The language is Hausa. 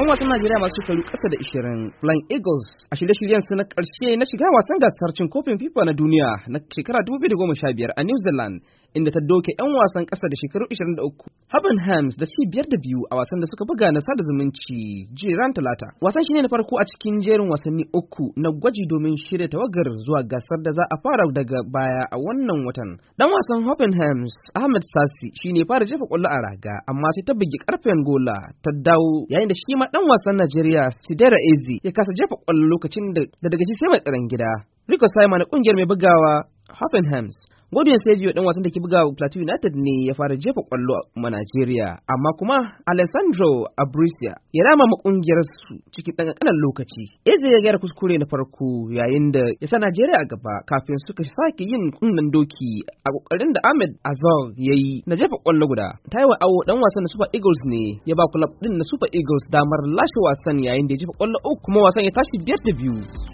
dan wasan Najeriya masu shekaru ƙasa da 20, Flying Eagles, a shirye-shiryen su na ƙarshe na shiga wasan gasar cin kofin FIFA na duniya na shekara 2015 a New Zealand inda ta doke 'yan wasan ƙasa da shekaru 23 Haban Hams da ci biyar da biyu a wasan da suka buga na sada zumunci jiran talata. Wasan shine na farko a cikin jerin wasanni uku na gwaji domin shirya tawagar zuwa gasar da za a fara daga baya a wannan watan. Dan wasan Haban Hams Ahmed Sassi shine fara jefa kwallo a raga amma sai ta bugi karfen gola ta dawo yayin da shi ma dan wasan Najeriya Sidera Ezi ya kasa jefa kwallo lokacin da daga shi sai mai tsaron gida. Rico Simon na kungiyar mai bugawa Hoffenheims Godwin Sergio ɗan wasan da ke buga Plateau United ne ya fara jefa kwallo ma Najeriya, amma kuma Alessandro Abrisia ya rama ma ƙungiyarsu cikin ɗan ƙanƙanin lokaci. Eze ya gyara kuskure na farko yayin da ya sa Najeriya a gaba kafin suka sake yin kunnen doki a ƙoƙarin da Ahmed Azor ya yi na jefa kwallo guda. Taiwa Awo ɗan wasan na Super Eagles ne ya ba kulab ɗin na Super Eagles damar lashe wasan yayin da ya jefa kwallo uku kuma wasan ya tashi biyar da biyu.